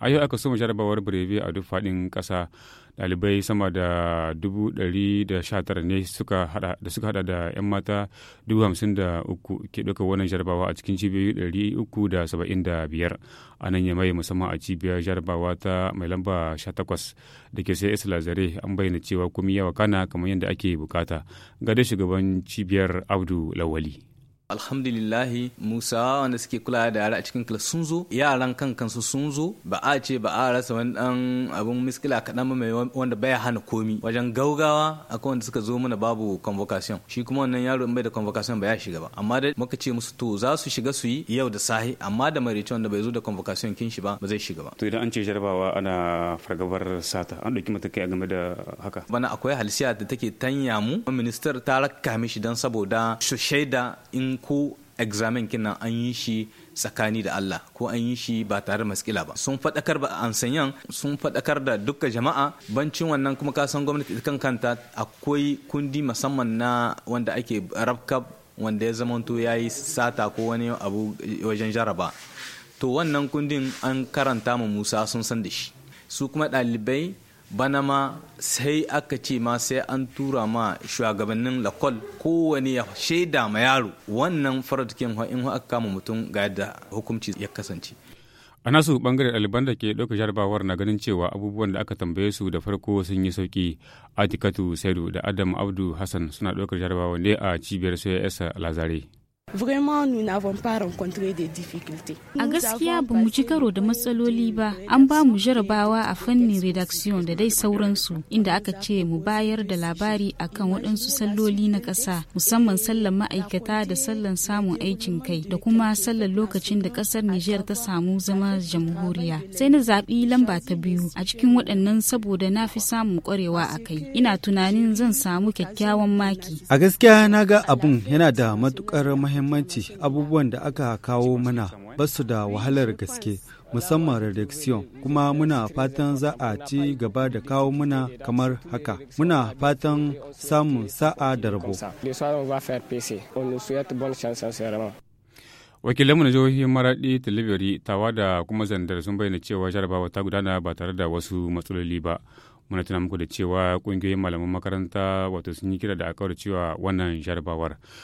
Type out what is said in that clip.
a yau aka soma jarabawar birebe a duk faɗin ƙasa ɗalibai sama da tara ne da suka hada da 'yan mata dubu hamsin da uku ke ɗauka wannan jarabawa a cikin cibiyoyi biyar a nan yamai musamman a cibiyar jarabawa ta mai lamba sha takwas da ke sai isla zare an bayyana cewa kuma yawa kana kamar yadda ake bukata ga dai shugaban cibiyar abdu lawali alhamdulillahi musa wanda suke kula da yara a cikin kila sun zo yaran kan kansu sun zo ba a ce ba a rasa wani dan abun miskila kaɗan mai wanda baya hana komi wajen gaugawa akwai wanda suka zo mana babu convocation shi kuma wannan yaro in bai da convocation ba ya shiga ba amma da muka ce musu to za su shiga su yi yau da sahi amma da maraice wanda bai zo da convocation kin shi ba ba zai shiga ba to idan an ce jarabawa ana fargabar sata an ɗauki matakai a game da haka bana akwai halsiya da take tanya mu ministar ta rakka mishi dan saboda su shaida in ko examen kinan an yi shi tsakani da Allah ko an yi shi ba tare da maskila ba sun faɗakar ba ansanyan sun faɗakar da dukkan jama'a bancin wannan kuma ka san gwamnati kan kanta akwai kundi musamman na wanda ake rafka wanda ya zamanto ya yi sata ko wani abu wajen jaraba to wannan kundin an karanta ma musa sun san da shi su kuma dalibai. bana ma sai aka ce ma sai an tura ma shugabannin lakol kowane ya shaida ma yaro wannan faradakin in aka kama mutum ga yadda hukunci ya kasance a nasu bangare ɗaliban da ke ɗauka jarabawar na ganin cewa abubuwan da aka tambaye su da farko sun yi sauki atikatu saidu da adam abdu hassan suna ɗaukar jarabawa ne a cibiyar cs lazare vraiment nous n'avons pas rencontré des difficultés. A gaskiya ba mu ci karo da matsaloli ba, an ba mu jarabawa a fannin redaction da dai sauransu inda aka ce mu bayar da labari akan waɗansu salloli na ƙasa musamman sallan ma'aikata da sallan samun aikin kai da kuma sallan lokacin da ƙasar Nijar ta samu zama jamhuriya. Sai na zaɓi lamba ta biyu a cikin waɗannan saboda na fi samun ƙwarewa a kai. Ina tunanin zan samu kyakkyawan maki. A gaskiya na ga abun yana da matuƙar mahimmanci muhimmanci abubuwan da aka kawo mana ba su da wahalar gaske musamman redaction kuma muna fatan za a ci gaba da kawo muna kamar haka muna fatan samun sa'a da rabo wakilanmu na jihohin maraɗi talibiri tawa da kuma zandar sun bayyana cewa jarabawa ta gudana ba tare da wasu matsaloli ba muna tuna muku da cewa kungiyoyin malaman makaranta wato sun yi kira da aka cewa wannan jarabawar